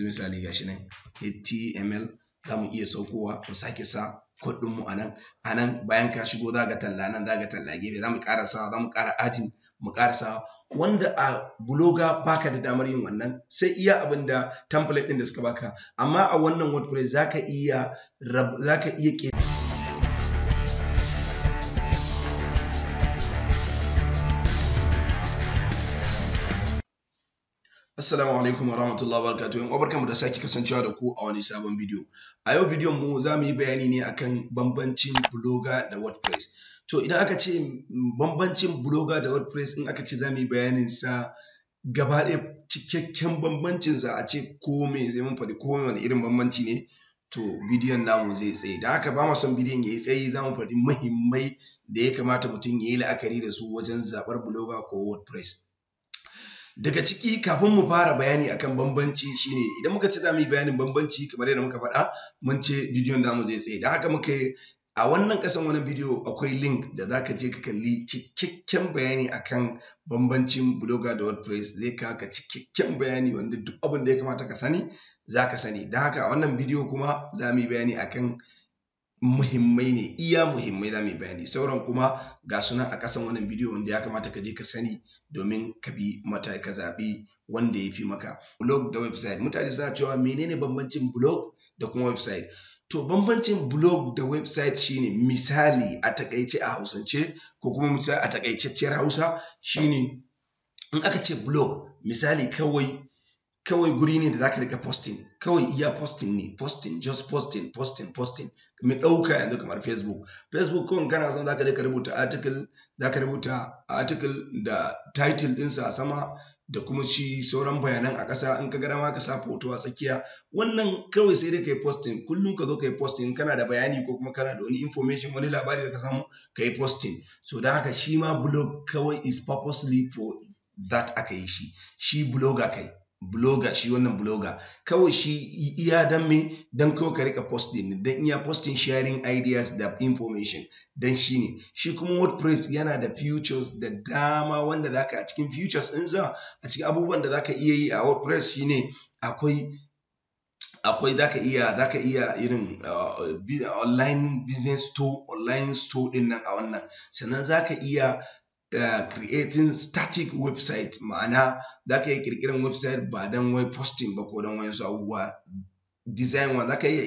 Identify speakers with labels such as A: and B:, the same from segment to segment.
A: misali gashi nan html za mu iya saukowa mu sake sa code mu anan anan bayan ka shigo za ga talla nan za ga talla gefe za mu ƙara sawa za mu ƙara adin mu ƙara sawa wanda a blogger baka da damar yin wannan sai iya abin da template ɗin da suka baka amma a wannan wordpress zaka iya zaka iya Assalamu alaikum wa rahmatullahi wa barakatuhu. Yan mu da sake kasancewa da ku a wani sabon bidiyo. A yau bidiyon mu za mu yi bayani ne akan bambancin Blogger da WordPress. To idan aka ce bambancin Blogger da WordPress in aka ce za mu yi bayanin sa gaba ɗaya cikakken bambancin sa a ce ko me zai mun faɗi ko wani irin bambanci ne to bidiyon namu zai tsaye da haka ba mu son bidiyon ya yi tsayi, za mu faɗi muhimmai da ya kamata mutum ya yi la'akari da su wajen zaɓar Blogger ko WordPress. daga ciki kafin mu fara bayani akan bambanci shine idan muka ci za mu yi bayanin bambanci kamar yadda muka faɗa mun ce bidiyon da mu zai tsaye da haka muka a wannan ƙasan wani bidiyo akwai link da za ka je ka kalli cikakken bayani akan bambancin blogger da wordpress zai kaka cikakken bayani wanda duk abin da ya kamata ka sani za ka sani da haka a wannan bidiyo kuma za mu yi bayani akan muhimmai ne iya muhimmai za mai bayani sauran kuma ga suna a kasan wannan bidiyo wanda ya kamata ka je ka sani domin ka bi mata ka zaɓi wanda ya fi maka blog da website mutane suna cewa menene bambancin blog da kuma website to bambancin blog da website shine misali a takaice a hausance ko kuma misali a takaitacciyar hausa shine in aka ce blog misali kawai kawai guri ne da zaka rika posting kawai iya posting ne posting just posting posting posting mai ɗauka yanzu kamar facebook facebook kawai kana son zaka rika rubuta article zaka rubuta article da title ɗinsa a sama da kuma shi sauran bayanan a ƙasa in ka gara ma ka sa foto a tsakiya wannan kawai sai dai kai posting kullum ka zo kai posting kana da bayani ko kuma kana da wani information wani labari da ka samu kai posting so don haka shi ma blog kawai is purposely for that aka yi shi shi blogger kai bloga shi wannan bloga kawai shi iya dan me dan kawo ka rika posting dan iya posting sharing ideas da information dan shi ne shi kuma wordpress yana da futures da dama wanda zaka a cikin futures In za a cikin abubuwan da zaka iya yi a wordpress shi ne akwai akwai zaka iya zaka iya irin uh, online business store online store din nan a wannan sannan zaka iya creating static website ma'ana za ka iya kirkiran website ba don wai posting ba ko don wani abubuwa design wa za ka iya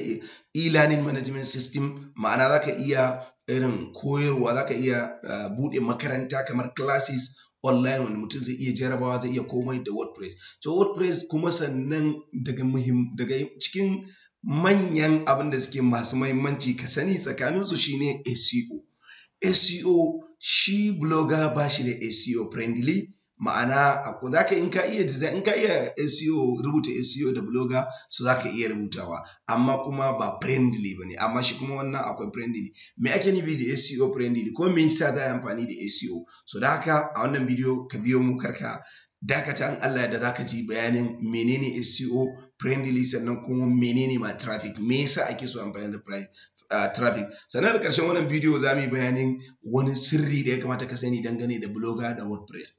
A: e-learning management system ma'ana za ka iya irin koyarwa za ka iya uh, buɗe makaranta kamar classes online wanda mutum zai iya jarabawa zai iya komai da wordpress so wordpress kuma sannan daga muhim daga cikin manyan abin da suke masu mahimmanci ka sani tsakaninsu shine SEO SEO shi blogger ba shi da SEO friendly ma'ana ko za ka in iya design in ka iya SEO rubuta SEO da blogger so za ka iya rubutawa amma kuma ba friendly ba ne amma shi kuma wannan akwai friendly me ake nufi da SEO friendly ko me yasa za a yi amfani da SEO so da haka a wannan bidiyo ka biyo mu karka dakata an Allah da zaka ji bayanin menene SEO friendly sannan kuma menene ma traffic me yasa ake so amfani da traffic sannan da ƙarshen wannan bidiyo za mu yi bayanin wani sirri da ya kamata ka sani dangane da blogger da wordpress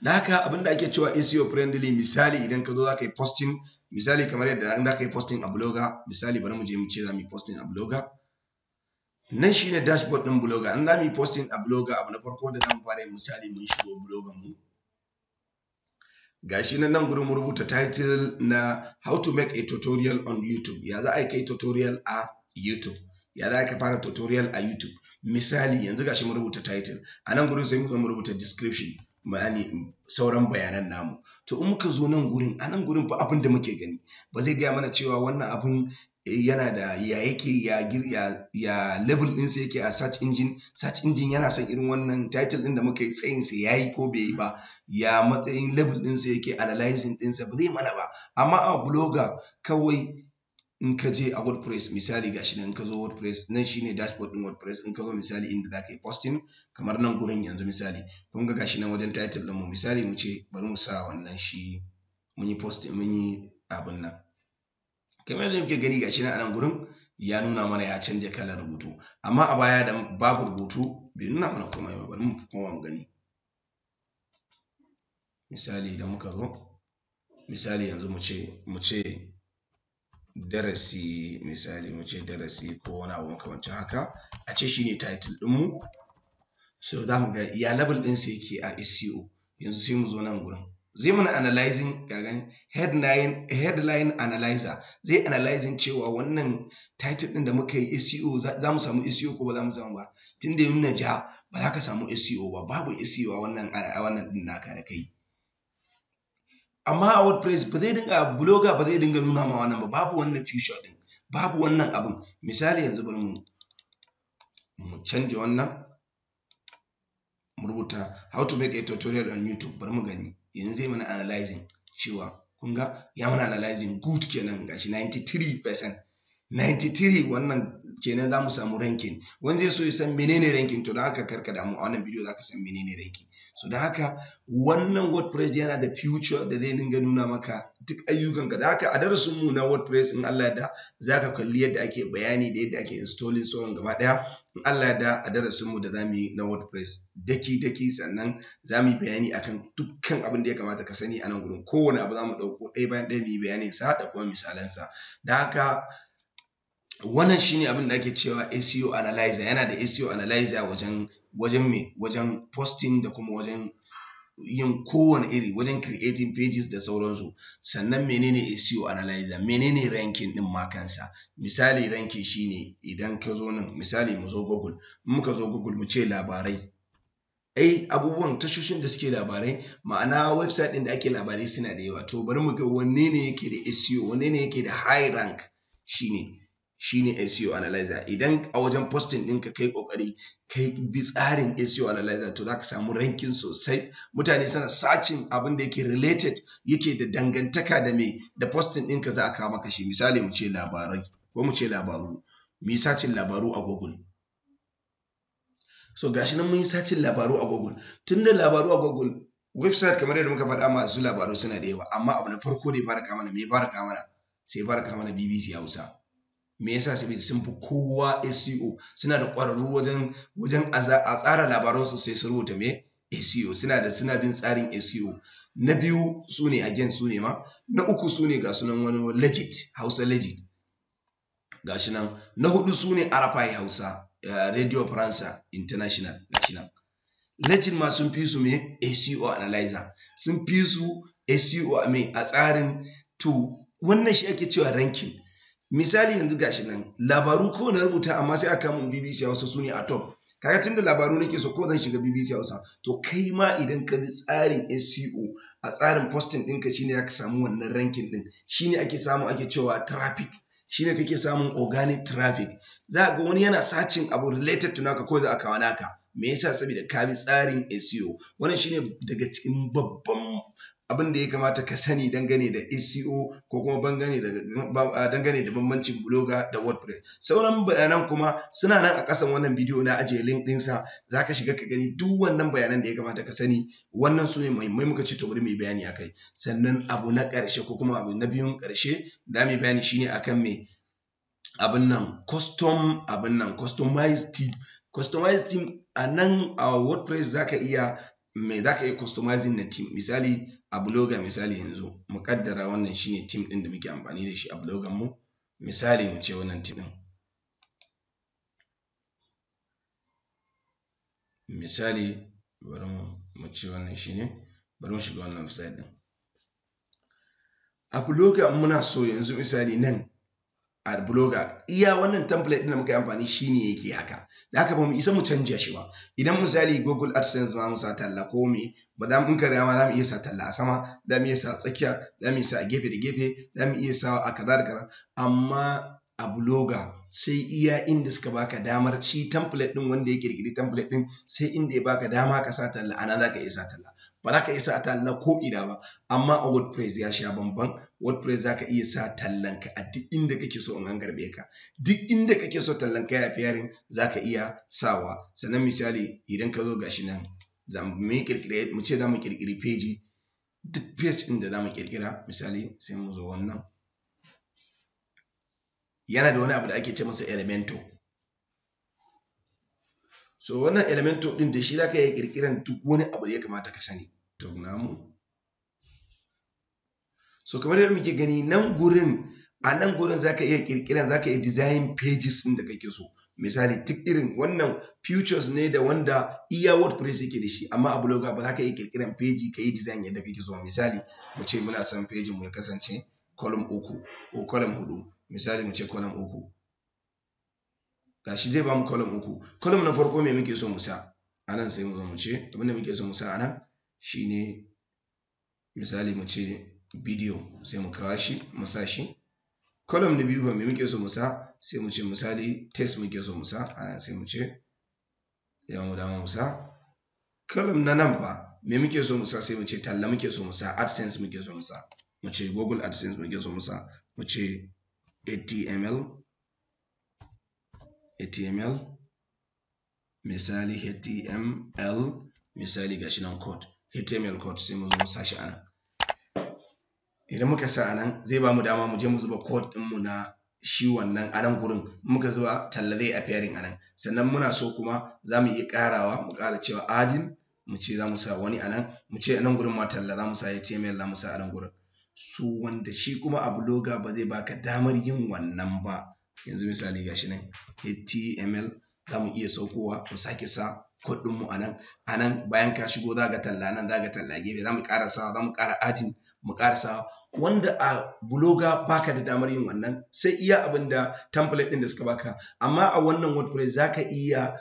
A: na haka abinda ake cewa SEO friendly misali idan ka zo za ka yi posting misali kamar yadda za ka yi posting a blogger misali bari mu je mu ce za mu yi posting a blogger nan shi ne dashboard din blogger an za mu yi posting a blogger abu na farko da za mu fara yi misali mun shigo blogger mu gashi nan nan gurin rubuta title na how to make a tutorial on YouTube ya za a kai tutorial a YouTube ya za ka fara tutorial a YouTube misali yanzu gashi mu rubuta title a nan gurin sai muka mu rubuta description ma'ani sauran bayanan namu to in muka zo nan gurin a nan gurin fa abin da muke gani ba zai gaya mana cewa wannan abun eh, yana da ya yake ya ya ya level din sai yake a search engine search engine yana son irin wannan title din da muka yi tsayin sa yayi ko bai yi ba ya matsayin level din sai yake analyzing din sa ba zai mana ba amma a blogger kawai in ka je a WordPress misali gashi nan in ka zo WordPress nan shine dashboard din WordPress in ka zo misali inda za ka yi posting kamar nan gurin yanzu misali kun ga gashi nan wajen title din mu misali mu ce bari mu sa wannan shi mun yi posting mun yi abin nan kamar yadda kuke gani gashi nan a nan gurin ya nuna mana ya canja kalar rubutu amma a baya da babu rubutu bai nuna mana komai ba bari mu koma mu gani misali idan muka zo misali yanzu mu ce mu ce darasi misali mu ce darasi ko wani abu makamancin haka a ce shine title ɗinmu so za mu ga ya level din sai yake a SEO yanzu sai mu zo nan gurin zai mana analyzing ga gani headline headline analyzer zai analyzing cewa wannan title din da muka yi SEO za mu samu SEO ko ba za mu samu ba tunda yin na ja ba za ka samu SEO ba babu SEO a wannan wannan ɗin naka da kai amma a wordpress ba zai dinga blogger ba zai dinga nuna ma wannan ba babu wannan feature din babu wannan abin misali yanzu bari mu mu canja wannan mu rubuta how to make a tutorial on youtube bari mu gani yanzu zai mana analyzing cewa kun ga ya mana analyzing good kenan gashi 93% 93 wannan kenan za mu samu rankin wanda zai so ya san menene rankin to don haka karka damu a wannan bidiyo za ka san menene rankin so da haka wannan wordpress yana da future da zai dinga nuna maka duk ayyukan ka da haka a darasin mu na wordpress in Allah da za ka kalli yadda ake bayani da yadda ake installing sauran gaba daya in Allah da a darasin mu da za mu yi na wordpress daki daki sannan za mu yi bayani akan dukkan abin da ya kamata ka sani a nan gurin kowane abu za mu ɗauko ɗaya bayan ɗaya mu yi bayanin sa da kuma sa da haka wannan shine abin da ake cewa SEO analyzer yana da SEO analyzer wajen wajen me wajen posting da kuma wajen yin kowane iri wajen creating pages da sauransu sannan menene SEO analyzer menene ranking din ma kansa misali ranking shine idan ka zo nan misali mu zo Google muka zo Google mu ce labarai ai abubuwan tashoshin da suke labarai ma'ana website din da ake labarai suna da yawa to bari mu ga wanne ne yake da SEO wanne ne yake da high rank shine shine SEO analyzer idan a wajen posting ɗinka kai kokari kai bi tsarin SEO analyzer to zaka samu ranking sosai mutane suna sacin abin da yake related yake da dangantaka da me da posting ɗinka za a kawo maka shi misali mu ce labarai ko mu ce labaru mu yi sacin labaru a Google so gashi nan mun yi sacin labaru a Google tunda labaru a Google website kamar yadda muka faɗa masu labaru suna da yawa amma abu na farko da ya fara kamana me ya fara kama sai ya fara BBC Hausa me yasa sai sun fi kowa SEO suna da ƙwararru wajen wajen a tsara labaran su sai su rubuta me SEO suna da suna bin tsarin SEO na biyu su ne again su ne ma na uku su ne ga sunan wani legit Hausa legit gashi nan na hudu su ne RFI Hausa eh, Radio France International gashi nan legit ma sun fi su me SEO analyzer sun fi su SEO me a tsarin to wannan shi ake cewa ranking misali yanzu gashi nan labaru ko na rubuta amma sai aka mun BBC Hausa su ne a top kaga tunda labaru nake so ko zan shiga BBC Hausa to kai ma idan ka bi tsarin SEO a tsarin posting ɗinka shine zaka samu wannan ranking ɗin shine ake samu ake cewa traffic shine kake samun organic traffic za ga wani yana sacin abu related to naka ko za a kawo naka me yasa saboda ka bi tsarin SEO wannan shine daga cikin babban abin da ya kamata ka sani dangane da SEO ko kuma dangane da bambancin bloga da WordPress. Sauran bayanan kuma suna nan a ƙasan wannan bidiyo na ajiye link sa za ka shiga ka gani duk wannan bayanan da ya kamata ka sani wannan su ne muhimmai muka ce bari mai bayani a kai. Sannan abu na ƙarshe ko kuma abu na biyun ƙarshe da mai bayani shine akan me abin nan custom abin nan customized team customized team a nan a wordpress za ka iya me za ka yi customizing na team misali a bloga misali yanzu mu kaddara wannan shine team din da muke amfani da shi a blogan mu misali mu ce wannan team din misali bari mu ce wannan shine bari mu shiga wannan website din a blogan muna so yanzu misali nan a blogger iya wannan template din da muka yi amfani shi ne yake haka da haka ba mu isa mu canja shi ba idan misali google adsense ma mu sa talla ko me ba za mu kare ma za mu iya sa talla a sama za mu iya sa tsakiya za mu iya sa a gefe da gefe za mu iya sa a kaza da kaza amma a blogger sai iya inda suka baka damar shi template din wanda ya kirkiri template din sai inda ya baka dama ka sa talla ana za ka iya sa talla ba za ka iya sa talla ko ina ba amma a wordpress ya sha bamban wordpress za ka iya sa tallan ka a duk inda kake so in an garbe ka duk inda kake so tallan ka ya yarin za ka iya sawa sannan misali idan ka zo gashi nan mu ce za mu kirkiri page duk page din da za mu kirkira misali sai mu zo wannan yana da wani abu da ake ce masa elemento so wannan elemento din da shi za ka yi kirkiran duk wani abu da ya kamata ka sani namu so kamar yadda muke gani nan gurin a nan gurin za ka iya kirkiran za ka iya design pages din da kake so misali duk irin wannan futures ne da wanda iya wordpress yake da shi amma a blogger ba za ka iya kirkiran page ka yi design yadda kake so misali mu ce muna son page mu ya kasance column uku ko column hudu misali mu ce kolon uku ga shi zai bamu kolon uku Kolon na farko me muke so mu sa anan sai mu zo mu ce abinda muke so mu sa anan ne misali mu ce bidiyo sai mu kawo shi musa shi column na biyu ba me muke so mu sa sai mu ce misali test muke so mu sa anan sai mu ce yawon mu dama mu sa na nan ba me muke so mu sa sai mu ce talla muke so mu sa adsense muke so mu sa mu ce google adsense muke so mu sa mu ce html html misali html misali gashi nan code html code sai mu zo sashi anan idan muka sa anan zai ba mu dama mu je mu zuba code din mu na shi wannan anan gurin muka zuba talla zai appearing anan sannan muna so kuma za mu iya karawa mu kara cewa adin mu ce za mu sa wani anan mu ce anan gurin ma talla za mu sa html za mu sa anan gurin su wanda shi kuma a bloga ba zai baka damar yin wannan ba yanzu misali gashi nan html za mu iya saukowa mu sake sa kuɗin mu anan anan bayan ka shigo za ga talla nan za ga talla gefe za mu ƙara sawa za mu ƙara adin mu ƙara sawa wanda a bloga baka da damar yin wannan sai iya abin da template ɗin da suka baka amma a wannan wordpress za ka iya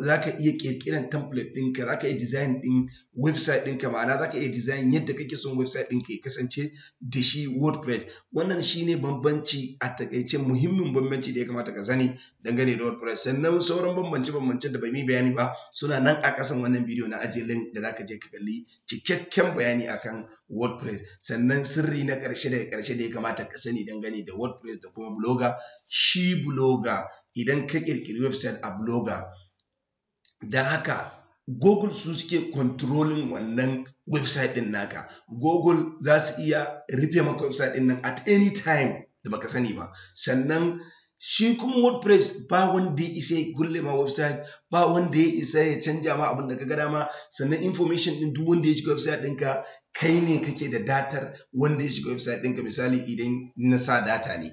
A: za ka iya ƙirƙiran template ɗinka za ka iya design ɗin website ka ma'ana za ka iya design yadda kake son website ka ya kasance da shi wordpress wannan shine bambanci a takaice muhimmin bambanci da ya kamata ka sani dangane da wordpress sannan sauran bambance-bambancen da bai bayani ba suna nan a ƙasan wannan bidiyo na ajiye link da zaka je ka kalli cikakken bayani akan WordPress sannan sirri na ƙarshe daga ƙarshe da ya kamata ka sani dangane da WordPress da kuma Blogger shi Blogger idan ka ƙirƙiri website a Blogger don haka Google su suke controlling wannan website din naka. Google za su iya rufe maka website din nan at any time da baka sani ba. Sannan shi kuma wordpress ba wanda ya isa ya kulle ma website ba wanda ya isa ya canja ma abin da ka gada ma sannan information din duk wanda ya shiga website ɗinka kai ne kake da datar wanda ya shiga website ɗinka misali idan na sa data ne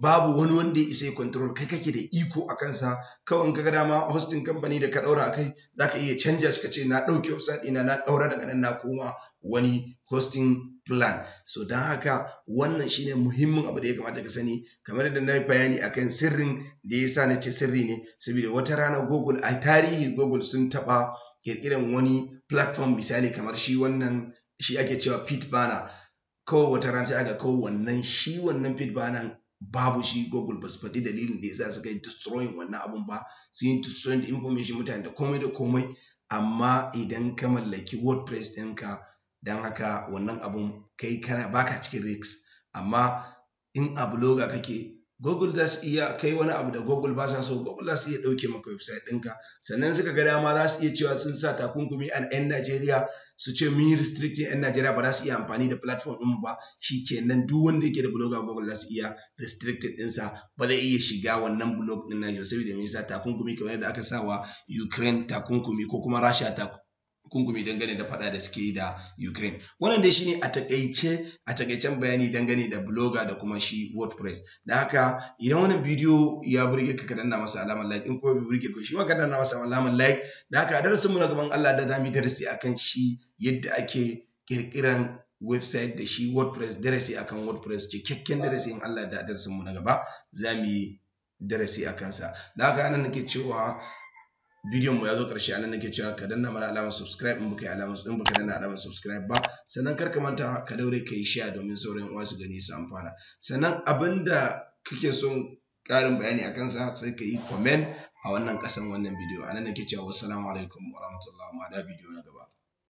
A: babu wani wanda ya isa control kai kake da iko a kansa kawai ka ga dama hosting company da ka ɗaura a kai za ka iya canja shi ka ce na ɗauki website ina na daura daga nan na koma wani hosting plan so don haka wannan shine muhimmin abu da ya kamata ka sani kamar da na yi bayani kan sirrin da ya sa na ce sirri ne saboda wata rana google a tarihi google sun taɓa ƙirƙiran wani platform misali kamar shi wannan shi ake cewa pit bana. kawai wata rana sai aka kawo wannan shi wannan bana. babu shi google ba su faɗi dalilin da ya sa su kai destroying wannan abun ba su yi destroying da information mutane da komai da komai amma idan ka mallaki wordpress ka don haka wannan abun kai kana baka cikin risk amma in a bloga kake Google za su iya kai wani abu da Google ba sa so Google za su iya ɗauke maka website ɗinka sannan suka ga dama za su iya cewa sun sa takunkumi a 'yan Najeriya su ce mun restricting 'yan Najeriya ba za su iya amfani da platform ɗin ba shi kenan duk wanda yake da blogger Google za su iya restricted ɗinsa ba zai iya shiga wannan blog ɗin Najeriya saboda me sa takunkumi kamar yadda aka sa wa Ukraine takunkumi ko kuma rasha takunkumi kungumi dangane da fada da suke da Ukraine. Wannan dai shine a takaice a takaicen bayani dangane da blogger da kuma shi WordPress. Da haka idan wannan bidiyo ya burge ka kadan na masa alamar like in kuma bai burge ka shi ma kadan na masa alamar like. Da haka darasin mu na gaban Allah da zamu yi darasi akan shi yadda ake kirkiran website da shi WordPress darasi akan WordPress cikakken darasi in Allah da darasin mu na gaba zamu yi darasi akan sa. Da haka anan nake cewa bidiyon mu ya zo karshe anan nake cewa ka danna mana alamar subscribe in baka yi alamar in baka danna alamar subscribe ba sannan kar ka manta ka daure ka yi share domin sauran uwa su gani su amfana sannan abinda kake son karin bayani akan sa, sai ka yi comment a wannan kasan wannan bidiyo anan nake cewa wassalamu alaikum warahmatullahi wa bidiyo na gaba